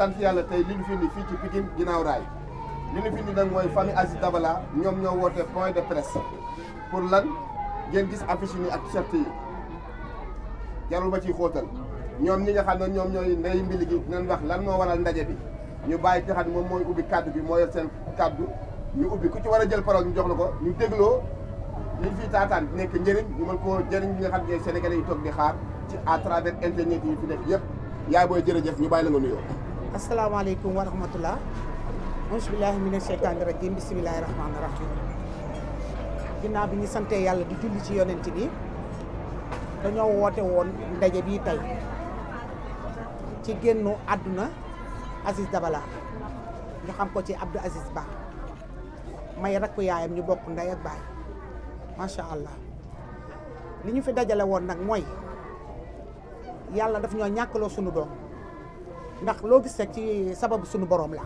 sant yàlla tey li ñu fi indi fii ci Pikine ginnaaw raay li ñu fi indi nag mooy famille Aziz Dabala ñoom ñoo woote point de presse pour lan ngeen gis affiche yi ak t-shirt yi jarul ba ciy xóotal ñoom ñi nga xam ñoom ñooy ndey mbili gi dinañ wax lan moo waral ndaje bi ñu bàyyi ki xam moom mooy ubbi kàddu bi moo yor seen kaddu ñu ubbi ku ci war a jël parole ñu jox na ko ñu dégloo liñ fiy taataan nekk njëriñ ñu mën koo jëriñ ñi nga xam ne Sénégalais yi toog di xaar ci à travers internet yi fi nekk yëpp yaay booy jërëjëf ñu bàyyi la asalaamaaleykum wa rahmatullah ansbilahi mina sheytaani rajim bisimilahi rahmaani rahim bi ñu santee yàlla di julli ci yonent bi dañoo woote woon ndaje bi tey ci génnu àdduna Aziz Dabala ñu xam ko ci Abdou Aziz Ba may rakku yaayam ñu bokk ndey ak baay macha allah li ñu fi dajale woon nag mooy yàlla daf ñoo ñàkkaloo sunu doom ndax loo gis sababu suñu boroom la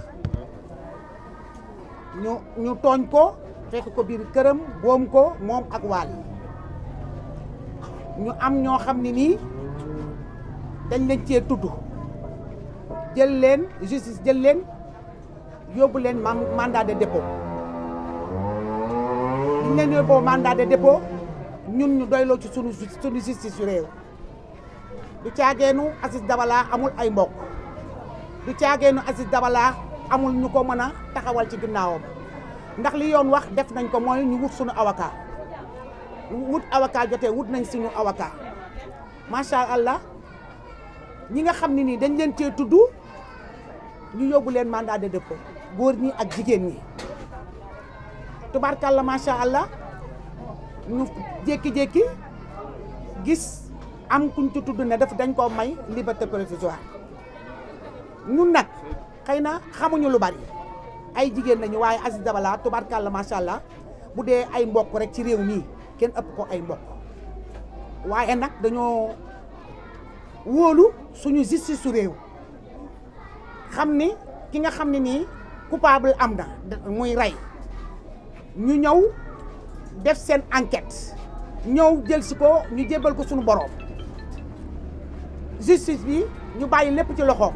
ñu ñu tooñ ko fekk ko biir këram boom ko moom ak waal ñu am ñoo xam ne nii dañ leen cee tudd jël leen justice jël leen yóbbu leen mandat de dépôt ñu leen yóbbu mandat de dépôt ñun ñu doyloo ci sunu sunu justice yu réew du caageenu Aziz Dabala amul ay mbokk du caageenu Aziz Dabala amul ñu ko mën a taxawal ci ginnaawam ndax li yoon wax def nañ ko mooy ñu wut suñu avocat wut awakaa jotee wut nañ suñu avocat macha allah ñi nga xam ni nii dañ leen cee tudd ñu yóbbu leen mandat de dépôt góor ñi ak jigéen ñi tubaarkàlla macha allah ñu jékki-jékki gis am kuñ ci tudd ne def dañ koo may liberté provisoire ñun nag xëy na xamuñu lu bari ay jigéen nañu waaye Aziz Dabala tubaarkàlla macha allah bu dee ay mbokk rek ci réew mii kenn ëpp ko ay mbokk waaye nag dañoo wóolu suñu justice su réew xam ni ki nga xam ne nii coupable am na muy rey ñu ñëw def seen enquête ñëw jël si ko ñu jébbal ko suñu boroom justice bi ñu bàyyi lépp ci loxoom.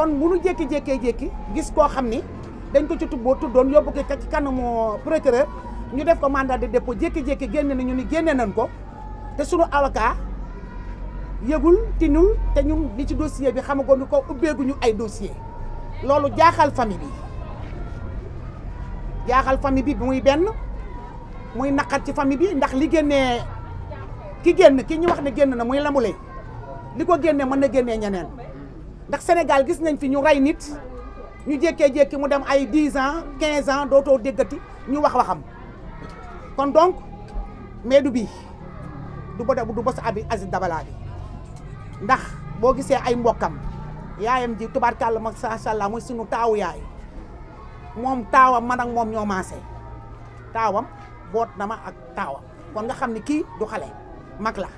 kon bu nu jékki-jékkee jékki gis koo xam ni dañ ko ci tubboo tuddoon yóbbu ko ci kanamu procureur ñu def ko mandat de dépôt jékki-jékki génne nañu ni génne nan ko te sunu avocat yëgul ti nu te ñun li ci dossier bi xamagoon ni ko ubbeeguñu ay dossier loolu jaaxal famille bi jaaxal famille bi bi muy benn muy naqar ci famille bi ndax li génnee ki génn ki ñu wax ne génn na muy lambulee li ko génnee mën na génnee ñeneen ndax Sénégal gis nañ fi ñu rey nit ñu jékkee-jékki mu dem ay 10 ans 15 ans dootoo déggati ñu wax waxam kon donc mais du bii du ba du bos abi Aziz Dabala bi ndax boo gisee ay mbokkam yaayam ji tubaarkàlla sa allah mooy sunu taawu yaay moom taawam man moom ñoo maase taawam boot na ma ak taawam kon nga xam ni kii du xale mag la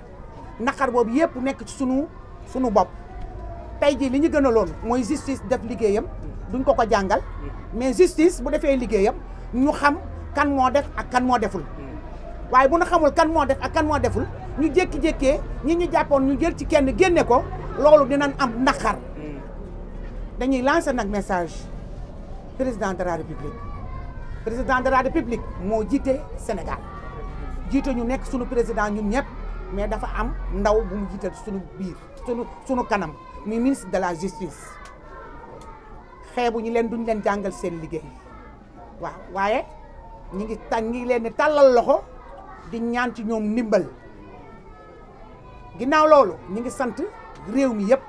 naqar boobu yépp nekk ci sunu sunu bopp tey jii li ñu gën a loon mooy justice def liggéeyam duñ ko ko jàngal mais justice bu defee liggéeyam ñu xam kan moo def ak kan moo deful waaye bu ñu xamul kan moo def ak kan moo deful ñu jékki-jékkee ñi ñu jàppoon ñu jël ci kenn génne ko loolu dinañ am naqar dañuy lancer nag message président de la république président de la république moo jiite Sénégal jiite ñu nekk sunu président ñun ñëpp mais dafa am ndaw bu mu jiital sunu biir sunu sunu kanam muy ministre de la justice xeebu ñu leen duñ leen jàngal seen liggéey waaw waaye ñi ngi tàn ñi leen di tàllal loxo di ñaan ci ñoom ndimbal ginnaaw loolu ñi ngi sant réew mi yépp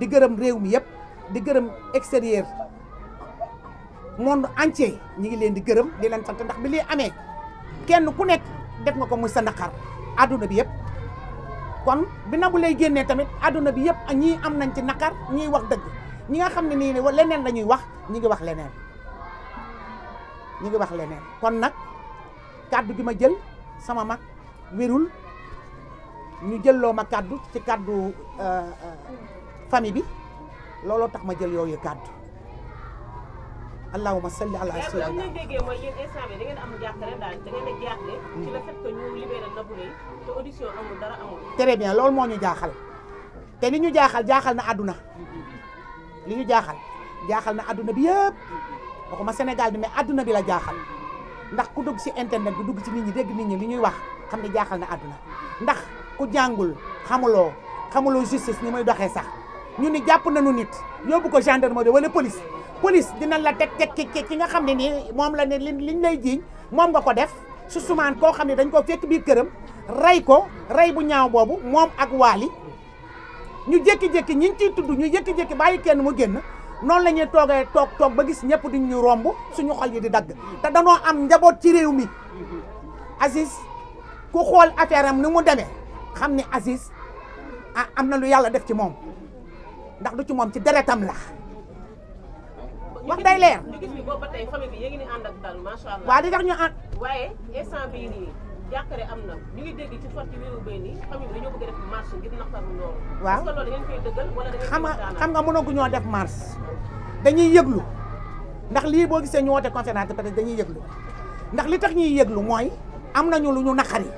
di gërëm réew mi yépp di gërëm extérieur monde entier ñi ngi leen di gërëm di leen sant ndax bi lii amee kenn ku nekk def nga ko muy sa naqar àdduna bi yëpp kon bi Nabou lay génnee tamit àdduna bi yëpp ñii am nañ ci naqar ñiy wax dëgg ñi nga xam ne nii ne leneen la ñuy wax ñi ngi wax leneen ñi ngi wax leneen kon nag kàddu gi ma jël sama mag wérul ñu jëlloo ma kàddu ci kàddu euh, euh, famille bi looloo tax ma jël yooyu kàddu allahumma salli ala sayyidina. mais bu déggee mooy yéen instant bi da am jàkkare daal da ngeen a jaaxle. ci ñu libéré Nabou bien loolu moo ñu jaaxal te li ñu jaaxal jaaxal na àdduna li ñu jaaxal jaaxal na àdduna bi yëpp waxuma Sénégal di mais àdduna bi la jaaxal ndax ku dugg si internet bi dugg ci nit ñi dégg nit ñi li ñuy wax xam ne jaaxal na àdduna ndax ku jàngul xamuloo xamuloo justice ni muy doxee sax ñu ni jàpp na nañu nit yóbbu ko gendarmerie wala police police dina la teg teg ki ki nga xam ne nii moom la ne liñ lay jiiñ moom nga ko def su sumaan koo xam ne dañ koo fekk biir këram rey ko rey bu ñaaw boobu moom ak waali ñu jékki-jékki ñi ngi ciy tudd ñu jékki-jékki bàyyi kenn mu génn noonu la ñuy toogee toog toog ba gis ñëpp duñ ñu romb suñu xol yi di dagg te danoo am njaboot ci réew mi Aziz ku xool affaire am ni mu demee xam ne Aziz ah am na lu yàlla def ci moom ndax du ci moom ci deretam la wax day leer. ñu gis ni boobu ba tey famille bi yéen ngi ak dal macha allah. waaw di tax ñu waaye instant bii nii am na ñu ngi dégg ci fort bi dañoo bëgg a def marche ngir naqaru loolu. waaw est-ce que loolu da ngeen koy dëggal xam nga xam nga mënaguñoo def marche dañuy yëglu ndax lii boo gisee ñu woote conférence de presse dañuy yëglu ndax li tax ñuy yëglu mooy am nañu lu ñu yi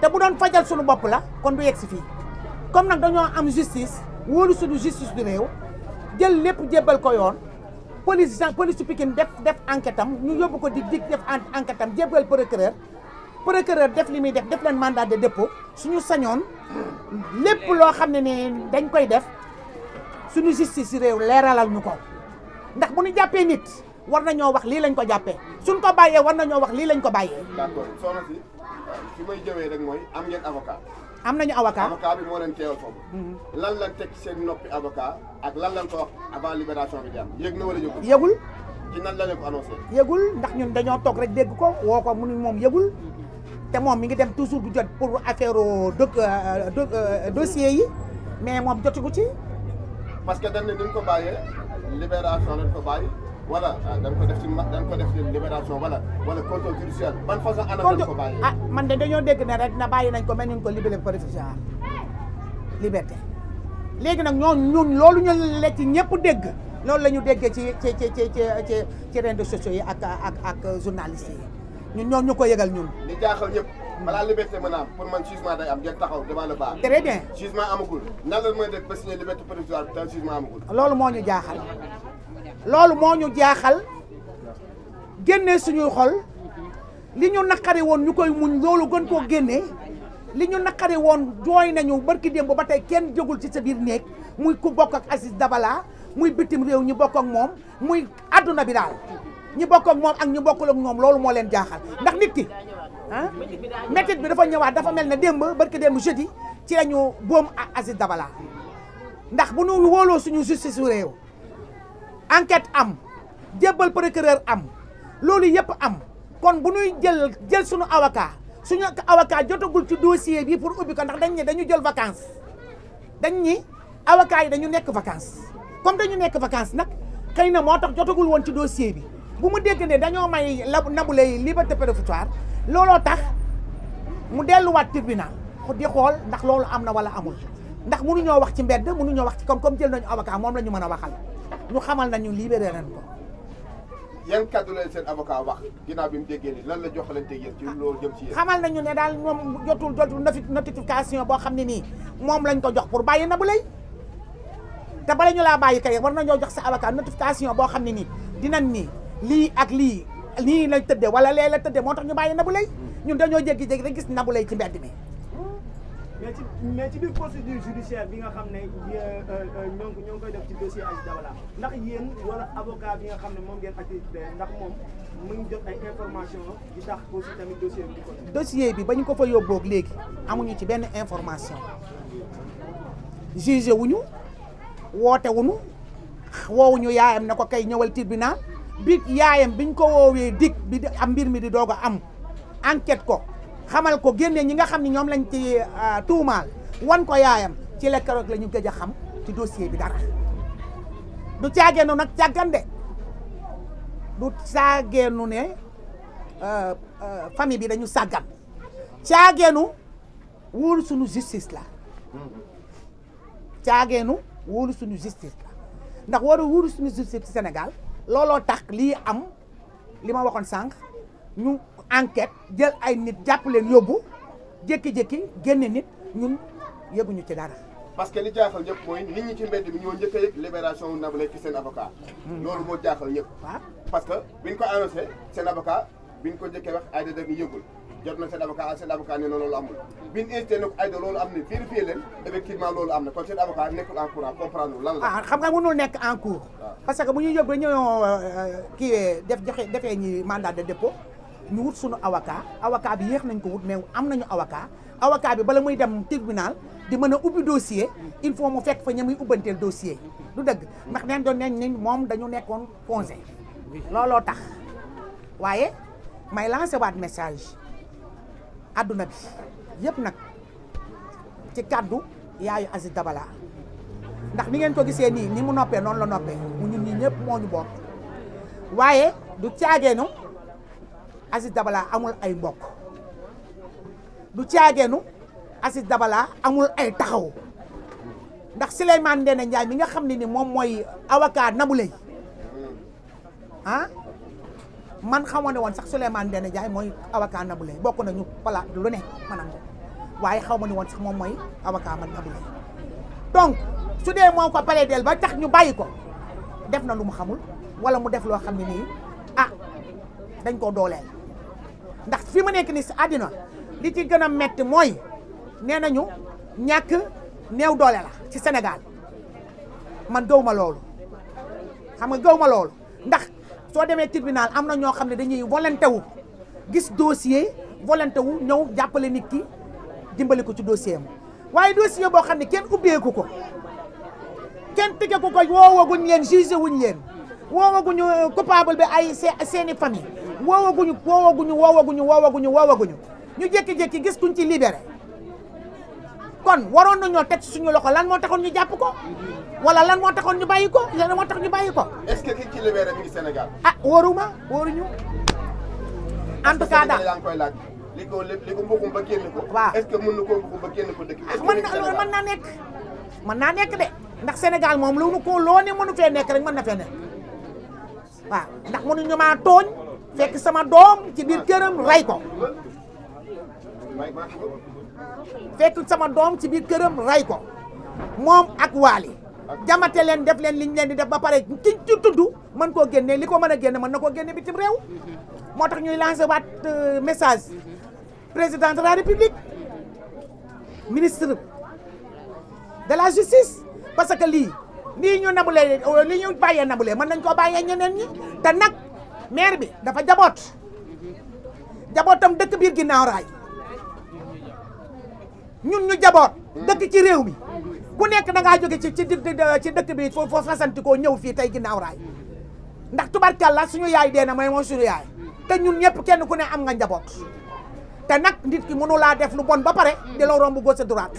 te bu doon fajal suñu bopp la kon du yegg si fii comme nag dañoo am justice wóolu suñu justice du réew jël lépp jébbal ko yoon police gen police Pikine def def enquête am ñu yóbbu ko di di def enquête am jébbal procureur procureur def li muy def def leen mandat de dépôt suñu sañoon lépp loo xam ne ne dañ koy def suñu justice yi réew leeralal ñu ko ndax bu nu jàppee nit war nañoo wax lii lañ ko jàppee suñ ko bàyyee war na ñoo wax lii lañ ko bàyyee. d'accord soxna si fi may jëwee rek mooy am ngeen avocat. am nañu avocat avocat bi moo leen teewal foofu. Mhm. lan lan teg seen noppi avocat ak lan lan ko wax avant libération bi di am yëg na a yëgul. yëgul. ci nan la leen ko annoncé. yëgul ndax ñun dañoo toog rek dégg ko woo ko mu ne moom yëgul. te moom mi ngi dem toujours du jot pour affaire euh, euh, dossier dossiers yi mais moom jotagu ci. parce que dañ ne ni ñu ko bàyyee libération lañ ko bàyyi. wala ah, dañ ko def ci dañ ko def ci libération wala wala contrôle judiciaire ban façon anam dañ ko bàyyi ah man de dañoo dégg ne rek na bàyyi nañ ko mel ni ko libéré provisoire liberté léegi nag ñoom ñun loolu ñu lekk ci ñëpp dégg loolu la ñu déggee ci ci ci ci ci ci réseaux sociaux yi ak ak ak journalistes yi ñun ñoom ñu ko yëgal ñun. li jaaxal ñëpp balaa liberté mën a am pour man jugement day am ngeen taxaw devant le bar. très bien jugement amagul nan la mën a def ba signer liberté provisoire te jugement amagul. loolu moo ñu jaaxal. loolu moo ñu jaaxal génne suñuy xol li ñu naqari woon ñu koy muñ loolu gën koo génne li ñu naqari woon jooy nañu barki démb ba tey kenn jógul ci sa biir néeg muy ku bokk ak Aziz Dabala muy bitim réew ñi bokk ak moom muy àdduna bi daal ñi bokk ak moom ak ñi bokkul ak moom loolu moo leen jaaxal ndax nit ki ah métit bi dafa ñëwaat dafa mel ne démb barki démb jeudi ci lañu boom Aziz Dabala ndax bu ñu wóoloo suñu justice su réew enquête am jébbal procureur am loolu yëpp am kon bu ñuy jël jël suñu avocat suñu avocat jotagul ci dossier bi pour ubbi ko ndax dañ ne dañu jël vacance dañ ñi avocat yi dañu nekk vacance comme dañu nekk vacance nag xëy na moo tax jotagul woon ci dossier bi bu mu dégg ne dañoo may Nabou Leye liberté provisoire looloo tax mu delluwaat tribunal di xool ndax loolu am na wala amul ndax mënuñoo wax ci mbedd mënuñoo wax ci comme comme jël nañu avocat moom ñu mën a waxal ñu xamal nañu libéré nañ ko. yan kàddu leen seen avocat wax ginnaaw bi mu déggee ni lan la joxalante yéen ci loolu jëm ci yéen. xamal nañu ne daal moom jotul jotul notification boo xam ne nii moom lañ ko jox pour bàyyi na bu lay te bala ñu laa bàyyi kay war nañoo jox sa avocat notification boo xam ne nii dinañ ni lii ak lii nii lañ tëdde wala lee la tëddee moo tax ñu bàyyi na bu lay hmm. ñun dañoo jéggi jéggi rek gis na bu lay ci mbedd mi. mais ci mais ci biir procédure judiciaire bi nga xam ne euh, euh, euh, ñoo ngi ñoo ngi koy def ci dossier Aziz Dabala ndax yéen wala avocat bi nga xam ne moom ngeen activité ndax moom mu ngi jot ay information yi tax aussi tamit dossier bi ba ñu ko fa yóbbook léegi amuñu ci benn information jugé wuñu woote wuñu woowuñu yaayam na ko kay ñëwal tribunal bi yaayam biñ ko woowee dig bi am mbir mi di doog a am enquête ko. xamal ko génne ñi nga xam ni ñoom lañ ci euh, tuumaal wan ko yaayam ci la keroog la ñu gëj a xam ci dossier bi dara du caageenu nag càggande du caageenu ne euh, euh, famille bi dañu sàggan caageenu wóolu suñu justice la caageenu wóolu suñu justice la ndax war a wóolu suñu justice ci Sénégal looloo tax lii am li ma waxoon sànq ñu enquête jël ay nit jàpp leen yóbbu jékki-jékki génne nit ñun yëguñu ci dara. parce que li jaaxal ñëpp mooy nit ñu ci mbedd bi ñoo njëkk a yëg libération Nabou Leye hmm. loolu moo jaaxal ñëpp. waaw parce que biñ ko annoncé seen avocat biñ ko njëkkee wax ay dëgg yëgul. jot na seen avocat ak seen avocat nee na loolu amul biñ incité nag ayda loolu am na vérifié leen effectivement loolu am na kon seen avocat nekkul en courant comprendre lan la. ah xam nga mënul nekk en cours. Ah. parce que bu ñuy yóbbu ñoo euh, euh, kii def joxe defee ñi mandat de ñu wut suñu avocat avocat bi yéex nañ ko wut mais am nañu avocat avocat bi bala muy dem tribunal di mën a ubbi dossier il faut mu fekk fa ña muy ubbanteel dossier du dëgg ndax neen doon neñ niñ moom dañu nekkoon conseil looloo tax waaye may lancé waat message àdduna bi yëpp nag ci kàddu yaayu Aziz Dabala ndax ni ngeen ko gisee nii ni mu noppee noonu la noppee mu ñun ñi ñëpp moo ñu bokk waaye du caageenu Aziz dabalaa amul ay mbokk du caageenu Aziz Dabala amul ay taxaw ndax Souleymane Ndéné Ndiaye mi nga xam ne ni moom mooy avocat Nabou Leye ah man xamoon ne woon sax Souleymane Ndéné njaay mooy avocat Nabou Leye bokk nañu pala lu ne maanaam waaye xaw ma ne woon sax moom mooy avocat man Nabou Leye donc su dee moom ko plaidel ba tax ñu bàyyi ko def na lu mu xamul wala mu def loo xam ne nii ah dañ ko dooleel ndax fi ma nekk nii si àddina li ci gën a metti mooy nee nañu ñàkk néew doole la ci Sénégal man gëw ma loolu xam nga gëw ma loolu ndax soo demee tribunal am na ñoo xam ne dañuy volonté wu gis dossier volonté ñëw jàppale nit ki dimbali ko ci dossier am waaye dossier boo xam ne kenn ubbeeku ko kenn tike ko ko woowaguñ leen jugé wuñ leen woowaguñu coupable bi ay seeni famille woowaguñu woowaguñu woowaguñu woowaguñu woowaguñu ñu jékki jekki gis kuñ ci libéré kon waroon nañoo teg suñu loxo lan moo taxoon ñu jàpp ko wala lan moo taxoon ñu bàyyi ko lan moo tax ñu bàyyi ko. est-ce que ki ci libéré mi ngi Sénégal. ah wóoruma wóoruñu. en tout cas daal ko lépp li ko mbuxum ba génn ko. waaw est-ce que mën na koo mbuxum ba ko dëkk bi. na loolu mën naa nekk. mën naa nekk de ndax senegal moom lu mu ko loo ne mënu fee nekk rek mën na fee nekk waaw ndax mënuñu maa tooñ. fekk sama doom ci biir këram rey ko fekk sama doom ci biir këram rey ko moom ak waali jamate leen def leen liñ leen di def ba pare kiñ ci tudd mën koo génne li ko mën a génne man na koo génne bitim réew moo tax ñuy lancer waat euh, message président de la république ministre de la justice parce que lii nii ñu nabulee lii ñu bàyyee nabulee mën nañ ko bàyyee ñeneen ñi te nag maire bi dafa jaboot jabootam dëkk biir ginnaaw raay ñun ñu jaboot dëkk ci réew mi ku nekk da ngaa jóge ci ci ci dëkk bi foo fasantikoo ñëw fii tey ginnaaw raay ndax tubarkàlla suñu yaay dee na mooy mooy suñu yaay te ñun ñëpp kenn ku ne am nga njaboot te nag nit ki mënu laa def lu bon ba pare di la romb gauche droite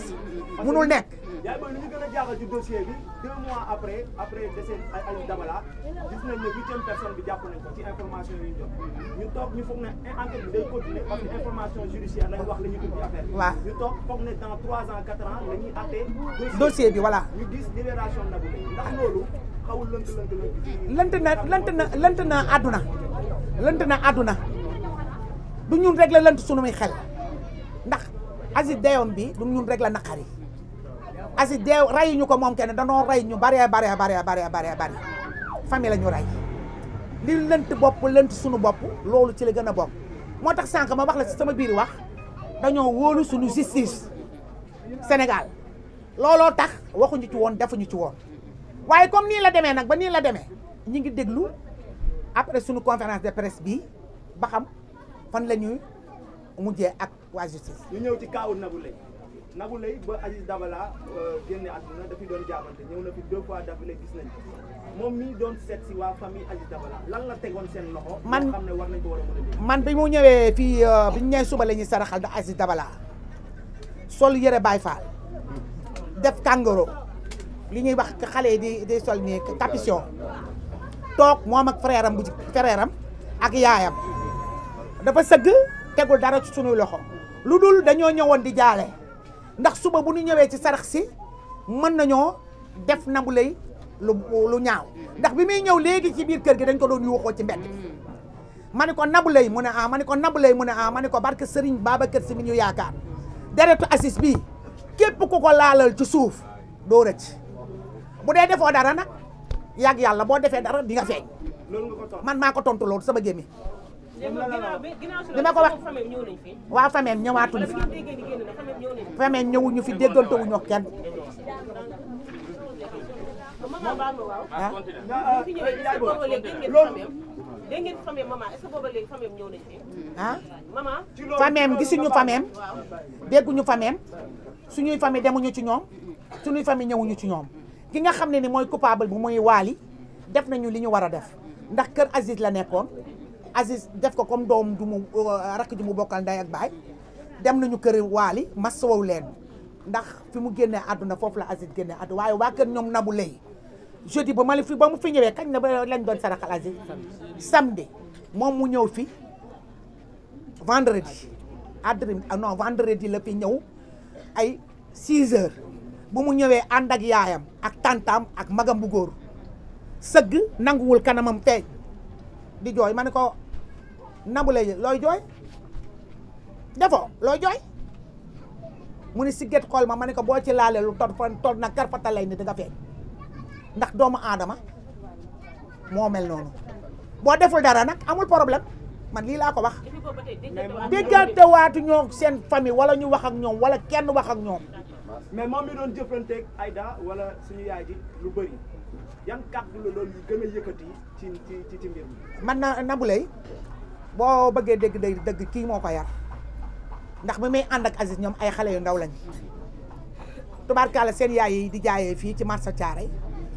mënul nekk. yaay gën a jaaxal ci dossier deux mois après après décès Aziz Dabala gis nañ ne huitième personne bi jàpp nañ ko ci information yi ñu jot ñu toog ñu foog ne enquête bi day continuer parce que information judiciaire lay wax la ñu tudd affaire waaw ñu bi voilà gis libération Nabou Leye ndax loolu xawul lënt lënt lënt lënt na lënt na lënt na àdduna lënt na àdduna du ñun rek la lënt sunuy xel ndax Aziz dayoon bi du ñun rek la naqari asi deew rey ñu ko moom kenn danoo rey ñu baree baree baree baree baree baree famille la ñu rey li lënt bopp lënt suñu bopp loolu ci la gën a bopp moo tax sànq ma wax la si sama biir wax dañoo wóolu suñu justice Sénégal looloo tax waxuñu ci woon defuñu ci woon waaye comme nii la demee nag ba nii la demee ñu ngi déglu après suñu conférence de presse bi ba xam fan la ñuy mujjee ak waa justice. ñëw ci kaawu Nabou Leye Nabou Leye ba Aziz Dabala euh, génne àdduna na moom mii doon seet si waa lan la tegoon seen loxo. man xam ne war nañ ko man bi mu ñëwee fii euh, bi ñu suba la ñuy saraxal da Aziz Dabala sol yëre Baay Faal def kàngoro li ñuy wax xale yi di di sol nii capuchon toog moom ak frère bu frère am ak yaayam dafa sëgg tegul dara ci sunuy loxo lu dul dañoo ñëwoon di jaale. ndax suba bu ñu ñëwee ci sarax si mën nañoo def Nabou lu lu ñaaw ndax bi may ñëw léegi ci biir kër gi dañ ko doon yuuxoo ci mbedd bi ma ne ko Nabou mu ne ah ma ne ko Nabou Leye mu ne ah ma ne ko barke Serigne Babacar Sy mi ñu yaakaar deretu assis bii képp ku ko laalal ci suuf doo rëcc bu dee defoo dara nag yàgg yàlla boo defee dara di nga feeñ man maa ko tontu loolu sama gémmi dina ko wax waaw famille ñëwaatuñu fi famille ñëwuñu fi déggantewuñu kenn ah ah famille gisuñu famille dégguñu famille suñuy famille demuñu ci ñoom suñuy famille ñëwuñu ci ñoom ki nga xam ne ni mooy coupable bu muy waali def nañu li ñu war a def ndax kër Aziz la nekkoon Aziz def ko comme doom du mu euh, rakk ju mu bokkal nday ak baay dem nañu kër Waly masawu leen ndax fi mu génnee àdduna foofu la Aziz génnee àdduna waaye waa kër ñoom nabu lay jeudi ba ma la fi ba mu fi ñëwee kañ na ba lañ doon saraxal Aziz samedi moom mu ñëw fi vendredi adri ah non vendredi la fi ñëw ay 6 heures bu mu ñëwee ànd ak yaayam ak tàntam ak magam bu góor sëgg nanguwul kanamam feeñ di jooy ma ne ko nabula Leye looy jooy defoo looy jooy mu ni si gét xool ma ma ne ko boo ci laalee lu tol fa tol nag kar fata lay ni di nga feeñ ndax doomu aadama moo mel noonu boo deful dara nag amul problème man lii laa ko wax diggante waatu ñoo seen famille wala ñu wax ak ñoom wala kenn wax ak ñoom mais moom mi doon jëflanteeg Aïda wala suñu yaay lu yan kàddu la doon gën a yëkkati ci ci man na Nabou Leye boo bëggee dégg day dëgg kii moo ko yar ndax bi muy ànd ak Aziz ñoom ay xale yu ndaw lañ tubaarkalla seen yaay yi di jaayee fii ci marché Thiaroye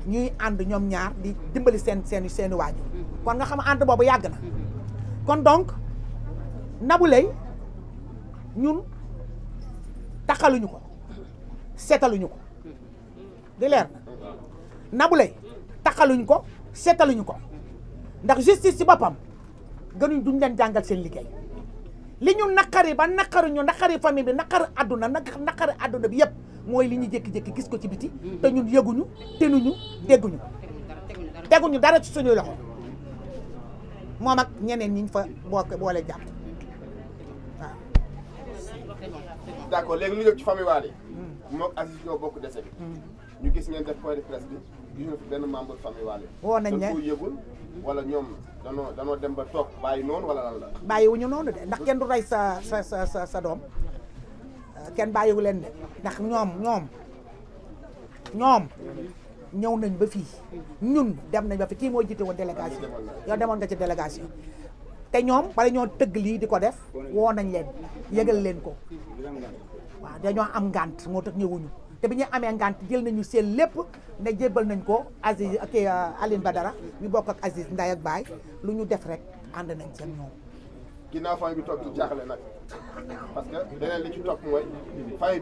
ñuy ànd ñoom ñaar di dimbali seen seeni seeni waaju kon nga xam ànd boobu yàgg na kon donc Nabou Leye ñun taxaluñu ko seetaluñu ko di leer na Nabou Leye taxaluñu ko seetaluñu ko ndax justice ci boppam gënuñ duñ leen jàngal seen liggéey li ñu naqari ba naqari ñu naqari famille bi naqari àdduna naqari àdduna bi yëpp mooy li ñu jékki-jékki gis ko ci biti te ñun yëguñu tenuñu dégguñu teguñu dara ci suñuy loxo moom ak ñeneen ñi fa bokk boole jàpp waaw. d'accord léegi gis nga fi benn membre woo nañ ne yëgul wala ñoom danoo danoo dem ba toog bàyyi noonu wala lan la. bàyyiwuñu noonu de ndax kenn du rey sa sa sa sa sa doom euh, kenn bàyyiwu leen de ndax ñoom ñoom ñoom ñëw nañ ba fii ñun dem nañ ba fi kii moo jiite woon délégation yow demoon nga ci délégation. te ñoom bala ñoo tëgg lii di ko def woo nañ leen yëgal leen ko waaw dañoo am ngànt moo tax ñëwuñu. te bi ñu amee ngant jël nañu seen lépp ne jébbal nañ ko Aziz ak eh, Aline dara ñu bokk ak Aziz Nday ak Baay lu ñu def rek ànd nañ seen ñoom. ginnaaw famille bi toog ci jaaxle nag parce que leneen li ci topp mooy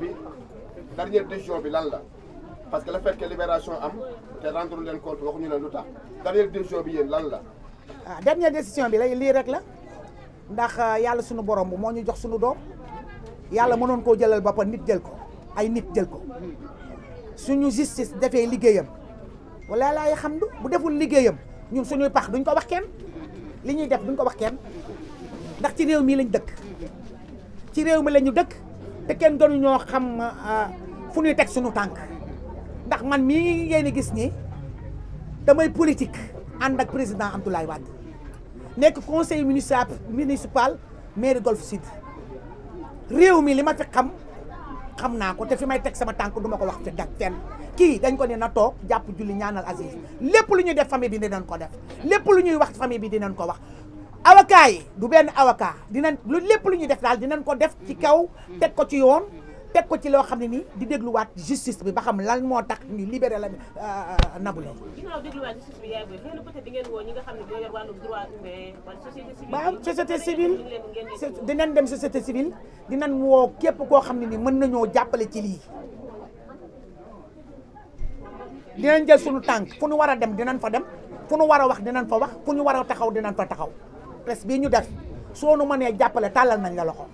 bi dernière décision bi lan la parce que la fait libération am te rendre leen compte ñu leen lu tax dernière décision bi yéen lan la. waaw ah, dernière décision bi lay lii rek la ndax eh, yàlla sunu borom bu moo ñu jox sunu doom yàlla mënoon koo jëlal boppam nit jël ko. ay nit jël ko suñu justice defee liggéeyam wala laay xam du bu deful liggéeyam ñun suñuy pax duñ ko wax kenn li ñuy def duñ ko wax kenn ndax ci réew mii lañ dëkk réew mi la ñu dëkk te kenn gënu ñoo xam ah, fu ñuy teg suñu tànk ndax man mii ngeen gis nii damay politique ànd ak président Abdoulaye Wade nekk conseil municipal municipal mairie Golf Sud réew mi li ma fi xam. xam naa ko te fi may teg sama tànk duma ko wax fi dag kii dañ ko ne na toog jàpp julli ñaanal Aziz lépp lu ñuy def famille bi dinañ ko def lépp lu ñuy wax famille bi dinañ ko wax avocat yi du benn avocat dinañ lu lépp lu ñuy def daal dinañ ko def ci kaw teg ko ci yoon teg ko ci loo xam ne nii di dégluwaat justice bi ba xam lan moo tax ñu libéré la euh, Nabou Leye. ginnaaw ngeen woo xam ne ñoo yor wàllu droit humain wala société civile. waaw société civile dinañ dem société civile dinañ woo képp koo xam ne nii mën nañoo jàppale ci lii. dinañ jël suñu tànk fu ñu war a dem dinañ fa dem fu ñu war a wax dinañ fa wax fu ñu war a taxaw dinañ fa taxaw presse bii ñu def soo nu mënee jàppale tàllal nañ la loxo.